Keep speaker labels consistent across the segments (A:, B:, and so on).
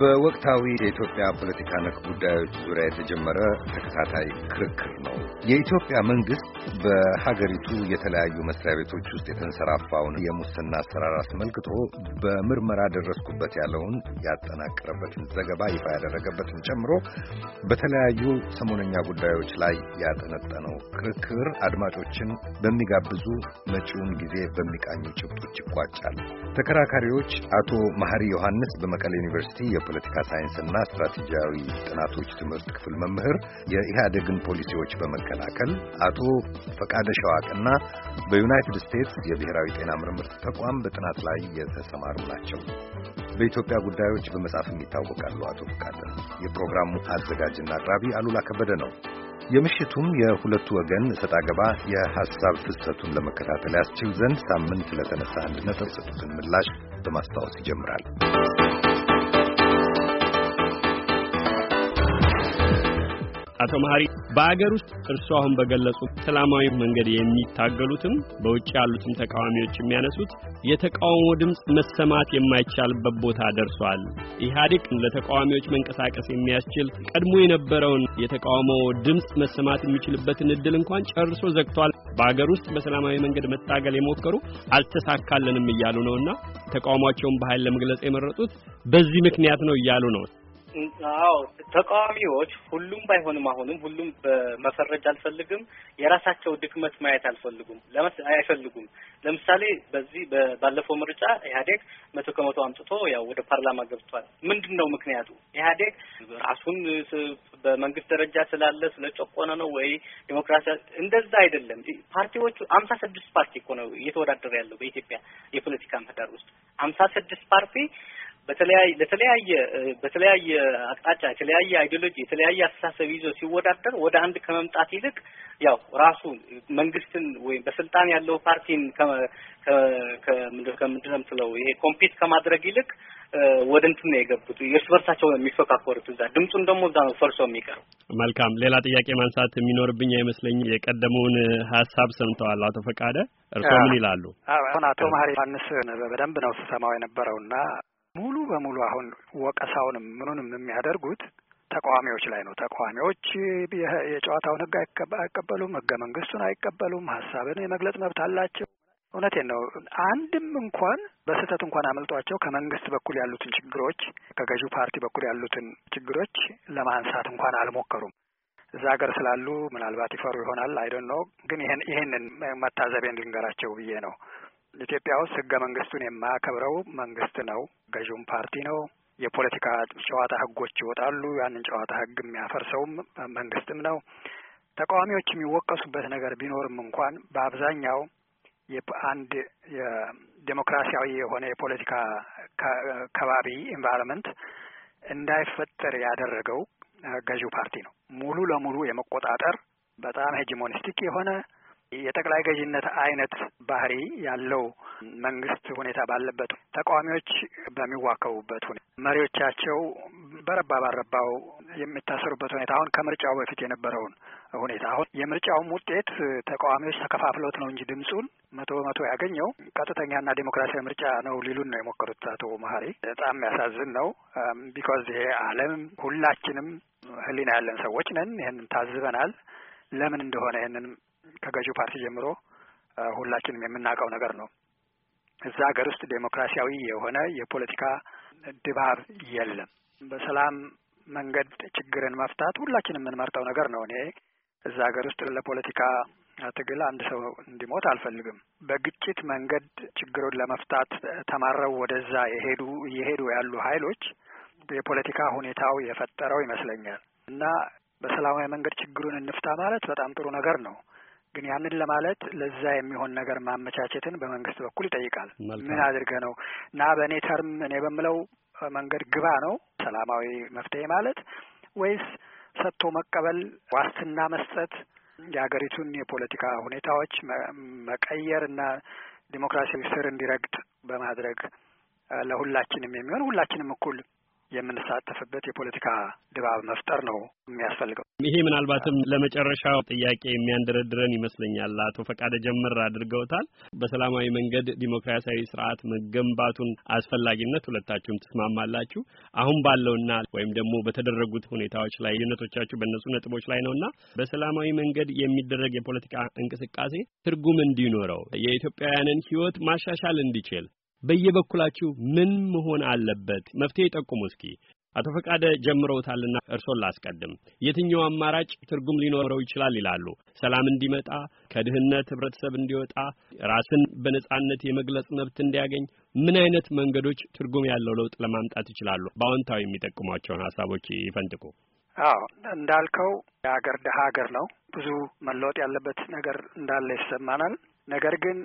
A: በወቅታዊ የኢትዮጵያ ፖለቲካ ነክ ጉዳዮች ዙሪያ የተጀመረ ተከታታይ ክርክር ነው። የኢትዮጵያ መንግሥት በሀገሪቱ የተለያዩ መስሪያ ቤቶች ውስጥ የተንሰራፋውን የሙስና አሰራር አስመልክቶ በምርመራ ደረስኩበት ያለውን ያጠናቀረበትን ዘገባ ይፋ ያደረገበትን ጨምሮ በተለያዩ ሰሞነኛ ጉዳዮች ላይ ያጠነጠነው ክርክር አድማጮችን በሚጋብዙ መጪውን ጊዜ በሚቃኙ ጭብጦች ይቋጫል። ተከራካሪዎች አቶ መሐሪ ዮሐንስ በመቀሌ ዩኒቨርሲቲ የፖለቲካ ሳይንስና ስትራቴጂያዊ ጥናቶች ትምህርት ክፍል መምህር የኢህአዴግን ፖሊሲዎች በመከላከል አቶ ፈቃደ ሸዋቅና በዩናይትድ ስቴትስ የብሔራዊ ጤና ምርምር ተቋም በጥናት ላይ የተሰማሩ ናቸው። በኢትዮጵያ ጉዳዮች በመጻፍም ይታወቃሉ። አቶ ፈቃደ የፕሮግራሙ አዘጋጅና አቅራቢ አሉላ ከበደ ነው። የምሽቱም የሁለቱ ወገን እሰጥ አገባ የሐሳብ ፍሰቱን ለመከታተል ያስችል ዘንድ ሳምንት ለተነሳ አንድ ነጥብ ሰጡትን ምላሽ በማስታወስ ይጀምራል። አቶ መሀሪ
B: በአገር ውስጥ እርሱ አሁን በገለጹት ሰላማዊ መንገድ የሚታገሉትም በውጭ ያሉትም ተቃዋሚዎች የሚያነሱት የተቃውሞ ድምፅ መሰማት የማይቻልበት ቦታ ደርሷል። ኢህአዴግ ለተቃዋሚዎች መንቀሳቀስ የሚያስችል ቀድሞ የነበረውን የተቃውሞ ድምፅ መሰማት የሚችልበትን እድል እንኳን ጨርሶ ዘግቷል። በአገር ውስጥ በሰላማዊ መንገድ መታገል የሞከሩ አልተሳካልንም እያሉ ነውና ተቃውሟቸውን በኃይል ለመግለጽ የመረጡት በዚህ ምክንያት ነው እያሉ ነው።
C: አዎ ተቃዋሚዎች ሁሉም ባይሆንም አሁንም ሁሉም መፈረጅ አልፈልግም። የራሳቸው ድክመት ማየት አልፈልጉም አይፈልጉም። ለምሳሌ በዚህ ባለፈው ምርጫ ኢህአዴግ መቶ ከመቶ አምጥቶ ያው ወደ ፓርላማ ገብቷል። ምንድን ነው ምክንያቱ? ኢህአዴግ ራሱን በመንግስት ደረጃ ስላለ ስለ ጨቆነ ነው ወይ ዴሞክራሲ? እንደዛ አይደለም። ፓርቲዎቹ አምሳ ስድስት ፓርቲ እኮ ነው እየተወዳደረ ያለው በኢትዮጵያ የፖለቲካ ምህዳር ውስጥ አምሳ ስድስት ፓርቲ በተለያየ ለተለያየ በተለያየ አቅጣጫ የተለያየ አይዲዮሎጂ የተለያየ አስተሳሰብ ይዞ ሲወዳደር ወደ አንድ ከመምጣት ይልቅ ያው ራሱ መንግስትን ወይም በስልጣን ያለው ፓርቲን ከምንድን ነው የምትለው ይሄ ኮምፒት ከማድረግ ይልቅ ወደ እንትን ነው የገቡት። እርስ በርሳቸው የሚፈካከሩት እዛ ድምፁን ደግሞ እዛ ነው ፈርሶ የሚቀረው።
B: መልካም። ሌላ ጥያቄ ማንሳት የሚኖርብኝ አይመስለኝም። የቀደመውን ሀሳብ ሰምተዋል አቶ ፈቃደ፣ እርስዎ ምን ይላሉ?
D: አሁን አቶ መሀሪ ዮሐንስ በደንብ ነው ስሰማው የነበረውና ሙሉ በሙሉ አሁን ወቀሳውንም ምኑንም የሚያደርጉት ተቃዋሚዎች ላይ ነው። ተቃዋሚዎች የጨዋታውን ህግ አይቀበሉም፣ ህገ መንግስቱን አይቀበሉም፣ ሀሳብን የመግለጽ መብት አላቸው። እውነቴን ነው። አንድም እንኳን በስህተት እንኳን አመልጧቸው ከመንግስት በኩል ያሉትን ችግሮች ከገዢው ፓርቲ በኩል ያሉትን ችግሮች ለማንሳት እንኳን አልሞከሩም። እዛ ሀገር ስላሉ ምናልባት ይፈሩ ይሆናል አይደን ነው። ግን ይህን ይህንን መታዘቤን ልንገራቸው ብዬ ነው። ኢትዮጵያ ውስጥ ህገ መንግስቱን የማያከብረው መንግስት ነው ገዥውም ፓርቲ ነው። የፖለቲካ ጨዋታ ህጎች ይወጣሉ። ያንን ጨዋታ ህግ የሚያፈርሰውም መንግስትም ነው። ተቃዋሚዎች የሚወቀሱበት ነገር ቢኖርም እንኳን በአብዛኛው አንድ ዴሞክራሲያዊ የሆነ የፖለቲካ ከባቢ ኤንቫይሮንመንት እንዳይፈጠር ያደረገው ገዢው ፓርቲ ነው። ሙሉ ለሙሉ የመቆጣጠር በጣም ሄጂሞኒስቲክ የሆነ የጠቅላይ ገዥነት አይነት ባህሪ ያለው መንግስት ሁኔታ ባለበት ተቃዋሚዎች በሚዋከቡበት ሁኔታ መሪዎቻቸው በረባ ባረባው የሚታሰሩበት ሁኔታ አሁን ከምርጫው በፊት የነበረውን ሁኔታ አሁን የምርጫውም ውጤት ተቃዋሚዎች ተከፋፍለውት ነው እንጂ ድምፁን መቶ በመቶ ያገኘው ቀጥተኛና ዴሞክራሲያዊ ምርጫ ነው ሊሉን ነው የሞከሩት አቶ መሀሪ። በጣም የሚያሳዝን ነው። ቢኮዝ ይሄ ዓለም ሁላችንም ህሊና ያለን ሰዎች ነን። ይህንን ታዝበናል። ለምን እንደሆነ ይህንን ከገዢው ፓርቲ ጀምሮ ሁላችንም የምናውቀው ነገር ነው። እዛ ሀገር ውስጥ ዴሞክራሲያዊ የሆነ የፖለቲካ ድባብ የለም። በሰላም መንገድ ችግርን መፍታት ሁላችንም የምንመርጠው ነገር ነው። እኔ እዛ ሀገር ውስጥ ለፖለቲካ ትግል አንድ ሰው እንዲሞት አልፈልግም። በግጭት መንገድ ችግሩን ለመፍታት ተማረው ወደዛ የሄዱ እየሄዱ ያሉ ሀይሎች የፖለቲካ ሁኔታው የፈጠረው ይመስለኛል እና በሰላማዊ መንገድ ችግሩን እንፍታ ማለት በጣም ጥሩ ነገር ነው። ግን ያንን ለማለት ለዛ የሚሆን ነገር ማመቻቸትን በመንግስት በኩል ይጠይቃል። ምን አድርገ ነው እና በእኔ ተርም እኔ በምለው መንገድ ግባ ነው ሰላማዊ መፍትሄ ማለት ወይስ ሰጥቶ መቀበል፣ ዋስትና መስጠት፣ የሀገሪቱን የፖለቲካ ሁኔታዎች መቀየር እና ዲሞክራሲያዊ ስር እንዲረግጥ በማድረግ ለሁላችንም የሚሆን ሁላችንም እኩል የምንሳተፍበት የፖለቲካ ድባብ መፍጠር ነው የሚያስፈልገው።
B: ይሄ ምናልባትም ለመጨረሻው ጥያቄ የሚያንደረድረን ይመስለኛል። አቶ ፈቃደ ጀምር አድርገውታል። በሰላማዊ መንገድ ዲሞክራሲያዊ ስርዓት መገንባቱን አስፈላጊነት ሁለታችሁም ትስማማላችሁ። አሁን ባለውና ወይም ደግሞ በተደረጉት ሁኔታዎች ላይ ልዩነቶቻችሁ በእነሱ ነጥቦች ላይ ነውና በሰላማዊ መንገድ የሚደረግ የፖለቲካ እንቅስቃሴ ትርጉም እንዲኖረው የኢትዮጵያውያንን ሕይወት ማሻሻል እንዲችል በየበኩላችሁ ምን መሆን አለበት? መፍትሄ ጠቁሙ እስኪ። አቶ ፈቃደ ጀምረውታልና እርሶን ላስቀድም። የትኛው አማራጭ ትርጉም ሊኖረው ይችላል ይላሉ? ሰላም እንዲመጣ፣ ከድህነት ህብረተሰብ እንዲወጣ፣ ራስን በነጻነት የመግለጽ መብት እንዲያገኝ ምን አይነት መንገዶች ትርጉም ያለው ለውጥ ለማምጣት ይችላሉ? በአዎንታዊ የሚጠቅሟቸውን ሀሳቦች ይፈንጥቁ።
D: አዎ እንዳልከው የሀገር ደሀ ሀገር ነው። ብዙ መለወጥ ያለበት ነገር እንዳለ ይሰማናል። ነገር ግን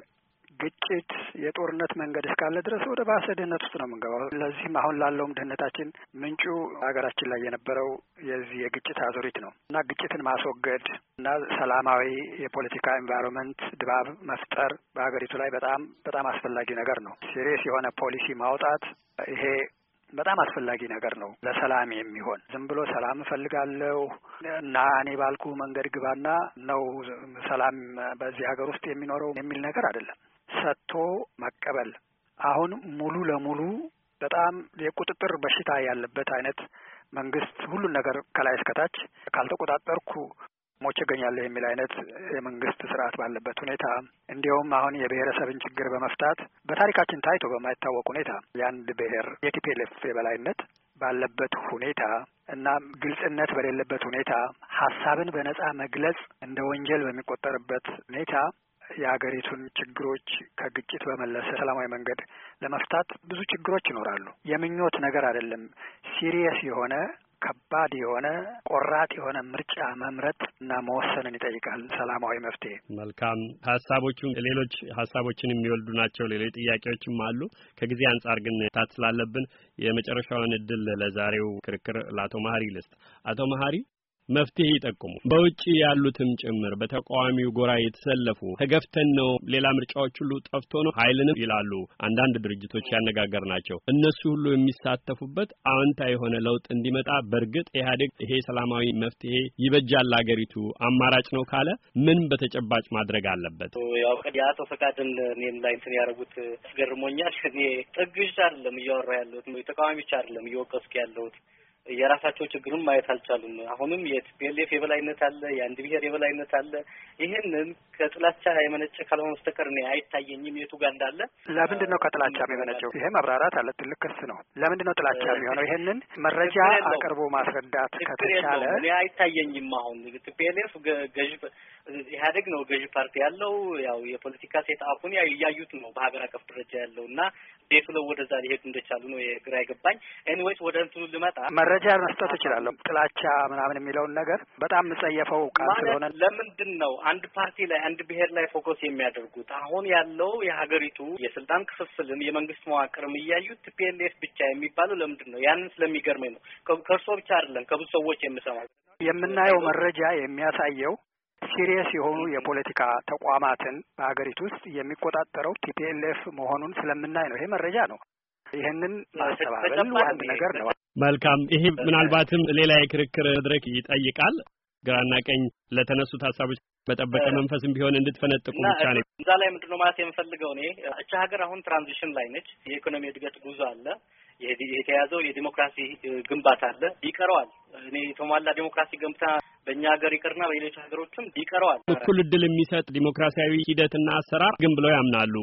D: ግጭት፣ የጦርነት መንገድ እስካለ ድረስ ወደ ባሰ ድህነት ውስጥ ነው የምንገባው። ለዚህም አሁን ላለውም ድህነታችን ምንጩ ሀገራችን ላይ የነበረው የዚህ የግጭት አዙሪት ነው እና ግጭትን ማስወገድ እና ሰላማዊ የፖለቲካ ኤንቫይሮንመንት ድባብ መፍጠር በሀገሪቱ ላይ በጣም በጣም አስፈላጊ ነገር ነው። ሲሪየስ የሆነ ፖሊሲ ማውጣት ይሄ በጣም አስፈላጊ ነገር ነው ለሰላም የሚሆን ዝም ብሎ ሰላም እፈልጋለሁ እና እኔ ባልኩ መንገድ ግባና ነው ሰላም በዚህ ሀገር ውስጥ የሚኖረው የሚል ነገር አይደለም። ሰጥቶ መቀበል አሁን ሙሉ ለሙሉ በጣም የቁጥጥር በሽታ ያለበት አይነት መንግስት ሁሉን ነገር ከላይ እስከታች ካልተቆጣጠርኩ ሞች እገኛለሁ የሚል አይነት የመንግስት ስርዓት ባለበት ሁኔታ እንዲሁም አሁን የብሔረሰብን ችግር በመፍታት በታሪካችን ታይቶ በማይታወቅ ሁኔታ የአንድ ብሔር የቲፒኤልኤፍ የበላይነት ባለበት ሁኔታ እና ግልጽነት በሌለበት ሁኔታ ሀሳብን በነጻ መግለጽ እንደ ወንጀል በሚቆጠርበት ሁኔታ የሀገሪቱን ችግሮች ከግጭት በመለሰ ሰላማዊ መንገድ ለመፍታት ብዙ ችግሮች ይኖራሉ። የምኞት ነገር አይደለም። ሲሪየስ የሆነ ከባድ የሆነ ቆራጥ የሆነ ምርጫ መምረጥ እና መወሰንን ይጠይቃል ሰላማዊ መፍትሄ።
B: መልካም ሀሳቦቹ ሌሎች ሀሳቦችን የሚወልዱ ናቸው። ሌሎች ጥያቄዎችም አሉ። ከጊዜ አንጻር ግን ታት ስላለብን የመጨረሻውን እድል ለዛሬው ክርክር ለአቶ መሀሪ ልስጥ። አቶ መሀሪ መፍትሄ ይጠቁሙ። በውጭ ያሉትም ጭምር በተቃዋሚው ጎራ የተሰለፉ ተገፍተን ነው፣ ሌላ ምርጫዎች ሁሉ ጠፍቶ ነው ኃይልንም ይላሉ አንዳንድ ድርጅቶች ያነጋገር ናቸው። እነሱ ሁሉ የሚሳተፉበት አዎንታ የሆነ ለውጥ እንዲመጣ በእርግጥ ኢህአዴግ ይሄ ሰላማዊ መፍትሄ ይበጃል ሀገሪቱ አማራጭ ነው ካለ ምን በተጨባጭ ማድረግ አለበት?
C: ያው የአቶ ፈቃድን እኔም ላይ እንትን ያደረጉት አስገርሞኛል። እኔ ጥግሽ አይደለም እያወራ ያለሁት ተቃዋሚዎች አይደለም እየወቀስኩ ያለሁት የራሳቸው ችግሩን ማየት አልቻሉም። አሁንም የቲፒኤልኤፍ የበላይነት አለ፣ የአንድ ብሔር የበላይነት አለ። ይህንን ከጥላቻ የመነጨ ካልሆነ በስተቀር እኔ አይታየኝም የቱ ጋር እንዳለ።
D: ለምንድን ነው ከጥላቻ የመነጨው? ይሄ መብራራት አለ። ትልቅ ክስ ነው። ለምንድን ነው ጥላቻ የሚሆነው? ይህንን መረጃ አቅርቦ ማስረዳት ከተቻለ እኔ
C: አይታየኝም። አሁን ቲፒኤልኤፍ ገዥ ኢህአዴግ ነው ገዥ ፓርቲ ያለው ያው የፖለቲካ ሴት አፉን ያዩት ነው በሀገር አቀፍ ደረጃ ያለው እና እንዴት ነው ወደዛ ሊሄዱ እንደቻሉ ነው የግራ ይገባኝ። ኤኒዌይስ ወደ እንትኑ ልመጣ መረጃ መስጠት እችላለሁ።
D: ጥላቻ ምናምን የሚለውን ነገር በጣም የምጸየፈው ቃል ስለሆነ
C: ለምንድን ነው አንድ ፓርቲ ላይ አንድ ብሔር ላይ ፎከስ የሚያደርጉት? አሁን ያለው የሀገሪቱ የስልጣን ክፍፍልም የመንግስት መዋቅርም እያዩት ቲፒኤልኤፍ ብቻ የሚባለው ለምንድን ነው? ያንን ስለሚገርመኝ ነው። ከእርሶ ብቻ አይደለም ከብዙ ሰዎች የምሰማው
D: የምናየው መረጃ የሚያሳየው ሲሪየስ የሆኑ የፖለቲካ ተቋማትን በሀገሪቱ ውስጥ የሚቆጣጠረው ቲፒኤልኤፍ መሆኑን ስለምናይ ነው። ይሄ መረጃ ነው። ይህንን ማስተባበል ዋንድ ነገር ነው።
B: መልካም። ይሄ ምናልባትም ሌላ የክርክር መድረክ ይጠይቃል። ግራና ቀኝ ለተነሱት ሀሳቦች በጠበቀ መንፈስም ቢሆን እንድትፈነጥቁ ብቻ ነው።
C: እዛ ላይ ምንድነው ማለት የምፈልገው እኔ እቺ ሀገር አሁን ትራንዚሽን ላይ ነች። የኢኮኖሚ እድገት ጉዞ አለ። የተያዘው የዲሞክራሲ ግንባታ አለ ይቀረዋል። እኔ የተሟላ ዲሞክራሲ ገንብታ በእኛ ሀገር ይቅርና በሌሎች ሀገሮችም ይቀረዋል። እኩል
B: እድል የሚሰጥ ዲሞክራሲያዊ ሂደትና አሰራር ግን ብለው ያምናሉ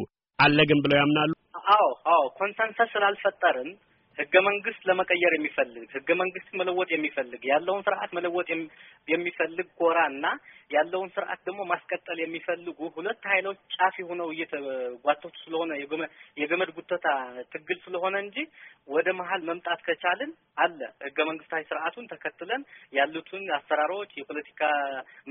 B: አለ ግን ብለው ያምናሉ።
C: አዎ አዎ ኮንሰንሰስ ስላልፈጠርን ህገ መንግስት ለመቀየር የሚፈልግ ህገ መንግስት መለወጥ የሚፈልግ ያለውን ስርዓት መለወጥ የሚፈልግ ጎራ እና ያለውን ስርዓት ደግሞ ማስቀጠል የሚፈልጉ ሁለት ኃይሎች ጫፍ ሆነው እየተጓተቱ ስለሆነ የገመድ ጉተታ ትግል ስለሆነ እንጂ ወደ መሀል መምጣት ከቻልን አለ ህገ መንግስታዊ ስርዓቱን ተከትለን ያሉትን አሰራሮች የፖለቲካ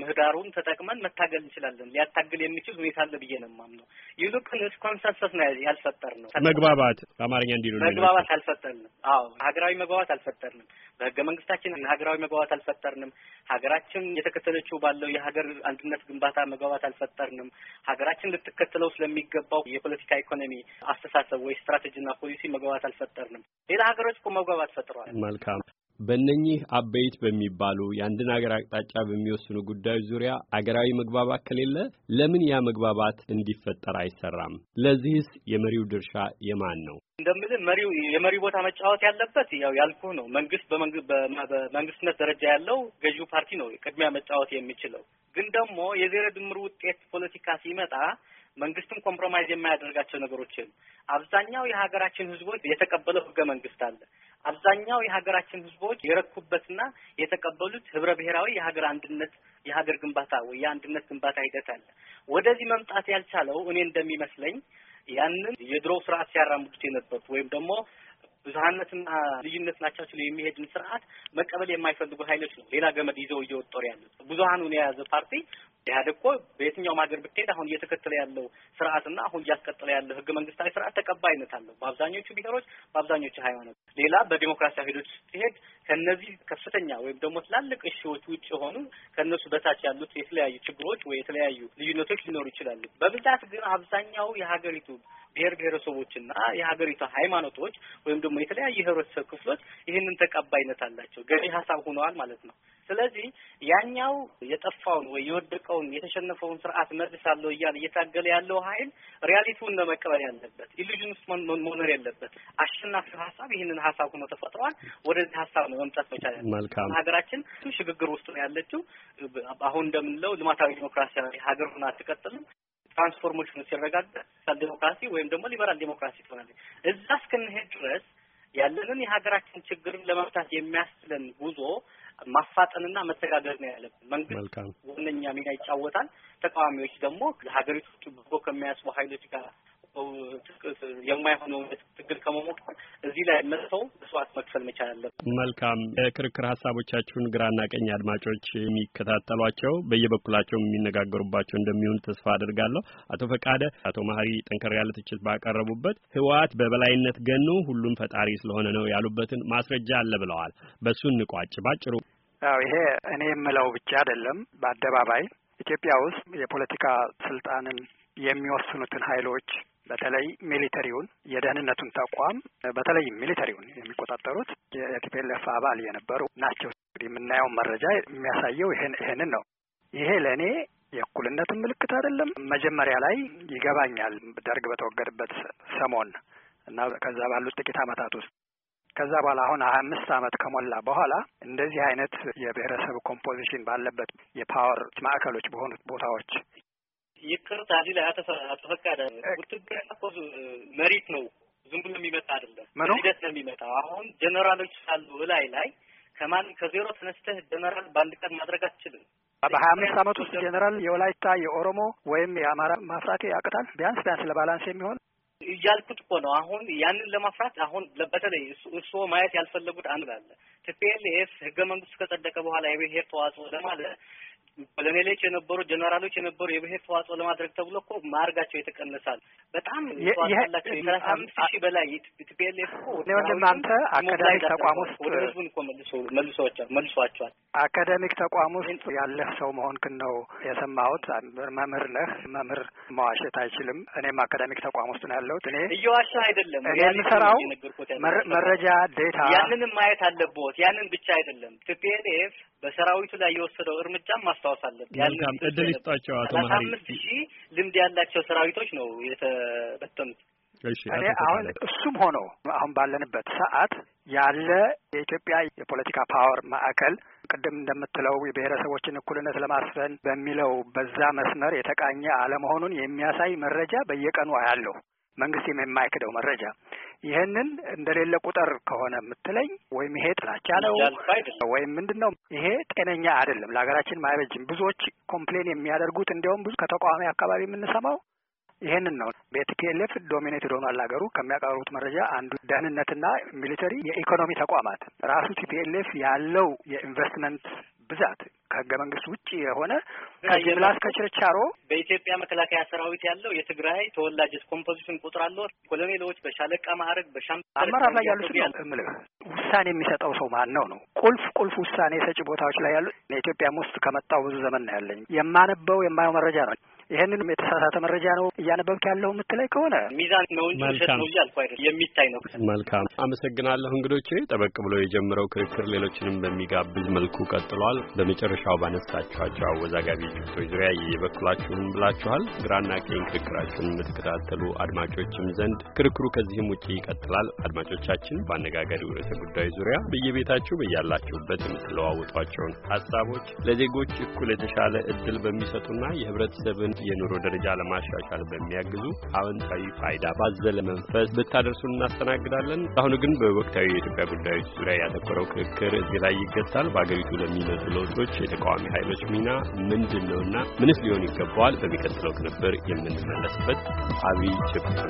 C: ምህዳሩን ተጠቅመን መታገል እንችላለን። ሊያታግል የሚችል ሁኔታ አለ ብዬ ነው የማምነው። ይልቁን ኮንሰንሰስ ነው ያልፈጠርነው፣
B: መግባባት በአማርኛ እንዲሉ መግባባት
C: አልፈጠርንም። አዎ ሀገራዊ መግባባት አልፈጠርንም። በህገ መንግስታችን ሀገራዊ መግባባት አልፈጠርንም። ሀገራችን የተከተለችው ባለው የ የሀገር አንድነት ግንባታ መግባባት አልፈጠርንም፣ ሀገራችን ልትከተለው ስለሚገባው የፖለቲካ ኢኮኖሚ አስተሳሰብ ወይ ስትራቴጂና ፖሊሲ መግባባት አልፈጠርንም። ሌላ ሀገሮች እኮ መግባባት ፈጥረዋል።
B: መልካም። በእነኚህ አበይት በሚባሉ የአንድን ሀገር አቅጣጫ በሚወስኑ ጉዳዮች ዙሪያ አገራዊ መግባባት ከሌለ ለምን ያ መግባባት እንዲፈጠር አይሰራም? ለዚህስ የመሪው ድርሻ የማን ነው?
C: እንደምልህ መሪው የመሪው ቦታ መጫወት ያለበት ያው ያልኩ ነው። መንግስት በመንግስትነት ደረጃ ያለው ገዢው ፓርቲ ነው ቅድሚያ መጫወት የሚችለው። ግን ደግሞ የዜሮ ድምር ውጤት ፖለቲካ ሲመጣ መንግስትም ኮምፕሮማይዝ የማያደርጋቸው ነገሮች የሉ። አብዛኛው የሀገራችን ህዝቦች የተቀበለው ህገ መንግስት አለ። አብዛኛው የሀገራችን ህዝቦች የረኩበትና የተቀበሉት ህብረ ብሔራዊ የሀገር አንድነት የሀገር ግንባታ ወይ የአንድነት ግንባታ ሂደት አለ። ወደዚህ መምጣት ያልቻለው እኔ እንደሚመስለኝ ያንን የድሮ ስርዓት ሲያራምዱት የነበሩት ወይም ደግሞ ብዙሀነትና ልዩነት ናቸው ሲሉ የሚሄድን ስርዓት መቀበል የማይፈልጉ ሀይሎች ነው ሌላ ገመድ ይዘው እየወጠሩ ያሉት። ብዙሀኑን የያዘ ፓርቲ ኢህአዴግ እኮ በየትኛውም ሀገር ብትሄድ አሁን እየተከተለ ያለው ስርዓትና አሁን እያስቀጠለ ያለው ህገ መንግስታዊ ስርዓት ተቀባይነት አለው በአብዛኞቹ ብሔሮች፣ በአብዛኞቹ ሃይማኖት። ሌላ በዲሞክራሲያዊ ሂደት ስትሄድ ከነዚህ ከፍተኛ ወይም ደግሞ ትላልቅ እሺዎች ውጭ የሆኑ ከእነሱ በታች ያሉት የተለያዩ ችግሮች ወይ የተለያዩ ልዩነቶች ሊኖሩ ይችላሉ። በብዛት ግን አብዛኛው የሀገሪቱ ብሔር ብሔረሰቦችና የሀገሪቱ ሃይማኖቶች ወይም ደግሞ የተለያዩ የህብረተሰብ ክፍሎች ይህንን ተቀባይነት አላቸው፣ ገቢ ሀሳብ ሆነዋል ማለት ነው። ስለዚህ ያኛው የጠፋውን ወይ የወደቀውን የተሸነፈውን ስርዓት መልሳለሁ እያለ እየታገለ ያለው ሀይል ሪያሊቲውን ለመቀበል ያለበት ኢሉዥን ውስጥ መኖር የለበት። አሸናፊው ሀሳብ ይህንን ሀሳብ ሆኖ ተፈጥሯል። ወደዚህ ሀሳብ ነው መምጣት መቻል። መልካም ሀገራችን ሽግግር ውስጥ ነው ያለችው። አሁን እንደምንለው ልማታዊ ዲሞክራሲያዊ ሀገር ሆና አትቀጥልም። ትራንስፎርሜሽኑ ሲረጋገጥ ሶሻል ዴሞክራሲ ወይም ደግሞ ሊበራል ዲሞክራሲ ትሆናለች። እዛ እስክንሄድ ድረስ ያለንን የሀገራችን ችግርን ለመፍታት የሚያስችለን ጉዞ ማፋጠንና መተጋገር ነው ያለብን። መንግስት ዋነኛ ሚና ይጫወታል፣ ተቃዋሚዎች ደግሞ ለሀገሪቱ በጎ ከሚያስቡ ሀይሎች ጋር የሚያመጣው የማይሆነው ችግር ከመሞከር እዚህ ላይ መጥተው መስዋዕት መክፈል መቻል አለበት።
B: መልካም የክርክር ሀሳቦቻችሁን ግራና ቀኝ አድማጮች የሚከታተሏቸው በየበኩላቸው የሚነጋገሩባቸው እንደሚሆን ተስፋ አድርጋለሁ። አቶ ፈቃደ፣ አቶ መሀሪ ጠንከር ያለ ትችት ባቀረቡበት ህወሓት በበላይነት ገኖ ሁሉም ፈጣሪ ስለሆነ ነው ያሉበትን ማስረጃ አለ ብለዋል። በእሱ እንቋጭ ባጭሩ።
D: አዎ ይሄ እኔ የምለው ብቻ አይደለም። በአደባባይ ኢትዮጵያ ውስጥ የፖለቲካ ስልጣንን የሚወስኑትን ኃይሎች በተለይ ሚሊተሪውን የደህንነቱን ተቋም በተለይም ሚሊተሪውን የሚቆጣጠሩት የቲፒኤልኤፍ አባል የነበሩ ናቸው። እንግዲህ የምናየው መረጃ የሚያሳየው ይህን ይህንን ነው። ይሄ ለእኔ የእኩልነትን ምልክት አይደለም። መጀመሪያ ላይ ይገባኛል ደርግ በተወገደበት ሰሞን እና ከዛ ባሉት ጥቂት ዓመታት ውስጥ ከዛ በኋላ አሁን ሀያ አምስት ዓመት ከሞላ በኋላ እንደዚህ አይነት የብሔረሰብ ኮምፖዚሽን ባለበት የፓወር ማዕከሎች በሆኑት ቦታዎች
C: ይቅርታ ሲል አተፈቀደ ውትድርና እኮ መሪት ነው፣ ዝም ብሎ የሚመጣ አይደለም። ሂደት ነው የሚመጣው። አሁን ጀነራሎች ካሉ ላይ ላይ ከማን ከዜሮ ተነስተህ ጀነራል በአንድ ቀን ማድረግ አትችልም።
D: በሀያ አምስት አመት ውስጥ ጀነራል የወላይታ የኦሮሞ ወይም የአማራ ማፍራት ያቅታል። ቢያንስ ቢያንስ ለባላንስ የሚሆን
C: እያልኩት እኮ ነው። አሁን ያንን ለማፍራት አሁን በተለይ እርስዎ ማየት ያልፈለጉት አንድ አለ። ቲፒኤልኤፍ ህገ መንግስት ከጸደቀ በኋላ የብሄር ተዋጽኦ ለማለት ኮሎኔሎች የነበሩ ጀነራሎች የነበሩ የብሄር ተዋጽኦ ለማድረግ ተብሎ እኮ ማርጋቸው የተቀነሳል። በጣም ተዋጽላቸው የሰላሳ አምስት ሺህ በላይ ቲፒኤልኤፍ እኮ አንተ አካዳሚክ ተቋም ውስጥ ወደ ህዝቡን እኮ መልሶዋቸዋል መልሷቸዋል።
D: አካዳሚክ ተቋም ውስጥ ያለህ ሰው መሆንክን ነው የሰማሁት። መምህር ነህ። መምህር መዋሸት አይችልም። እኔም አካዳሚክ ተቋም ውስጥ ነው ያለሁት።
C: እኔ እየዋሸ አይደለም እኔ የምሰራው መረጃ ዴታ፣ ያንንም ማየት አለብዎት። ያንን ብቻ አይደለም ቲፒኤልኤፍ በሰራዊቱ ላይ የወሰደው እርምጃም ማስታወስ አለን። ያልካም እድል
B: ይስጣቸው አቶ መሀሪ አምስት
C: ሺህ ልምድ ያላቸው ሰራዊቶች ነው የተበተኑት። እኔ አሁን እሱም ሆኖ አሁን ባለንበት ሰዓት ያለ የኢትዮጵያ
D: የፖለቲካ ፓወር ማዕከል ቅድም እንደምትለው የብሔረሰቦችን እኩልነት ለማስፈን በሚለው በዛ መስመር የተቃኘ አለመሆኑን የሚያሳይ መረጃ በየቀኑ አያለሁ። መንግስትም የማይክደው መረጃ ይህንን እንደሌለ ቁጥር ከሆነ የምትለኝ ወይም ይሄ ጥላቻ ነው ወይም ምንድን ነው ይሄ ጤነኛ አይደለም፣ ለሀገራችን ማይበጅም። ብዙዎች ኮምፕሌን የሚያደርጉት እንዲያውም ብዙ ከተቃዋሚ አካባቢ የምንሰማው ይህንን ነው። በቲፒኤልኤፍ ዶሚኔትድ ሆኗል ሀገሩ። ከሚያቀርቡት መረጃ አንዱ ደህንነትና ሚሊተሪ የኢኮኖሚ ተቋማት ራሱ ቲፒኤልኤፍ ያለው የኢንቨስትመንት ብዛት ከህገ መንግስት ውጭ የሆነ ከጅምላ እስከ ችርቻሮ
C: በኢትዮጵያ መከላከያ ሰራዊት ያለው የትግራይ ተወላጅ ኮምፖዚሽን ቁጥር አለው። ኮሎኔሎች በሻለቃ ማዕረግ በሻም አመራር ላይ ያሉት ምልህ
D: ውሳኔ የሚሰጠው ሰው ማን ነው ነው ቁልፍ ቁልፍ ውሳኔ ሰጪ ቦታዎች ላይ ያሉት። ኢትዮጵያም ውስጥ ከመጣው ብዙ ዘመን ነው ያለኝ
C: የማነበው የማየው መረጃ ነው። ይህንን የተሳሳተ መረጃ ነው እያነበብክ ያለው የምትለኝ ከሆነ ሚዛን
B: ነው እንጂ ውሸት ነው
C: አይደለም። የሚታይ ነው።
B: መልካም አመሰግናለሁ። እንግዶቼ ጠበቅ ብሎ የጀመረው ክርክር ሌሎችንም በሚጋብዝ መልኩ ቀጥሏል። በመጨረሻው ባነሳችኋቸው አወዛጋቢ ጭብጦች ዙሪያ የበኩላችሁን ብላችኋል። ግራና ቀኝ ክርክራችሁን የምትከታተሉ አድማጮችም ዘንድ ክርክሩ ከዚህም ውጭ ይቀጥላል። አድማጮቻችን በአነጋጋሪው ርዕሰ ጉዳይ ዙሪያ በየቤታችሁ በያላችሁበት የምትለዋውጧቸውን ሀሳቦች ለዜጎች እኩል የተሻለ እድል በሚሰጡና የህብረተሰብን የኑሮ ደረጃ ለማሻሻል በሚያግዙ አዎንታዊ ፋይዳ ባዘለ መንፈስ ብታደርሱን እናስተናግዳለን። አሁኑ ግን በወቅታዊ የኢትዮጵያ ጉዳዮች ዙሪያ ያተኮረው ክርክር እዚህ ላይ ይገታል። በአገሪቱ ለሚመጡ ለውጦች የተቃዋሚ ኃይሎች ሚና ምንድን ነውና ምንስ ሊሆን ይገባዋል? በሚቀጥለው ቅንብር የምንመለስበት አብይ ጭብጥ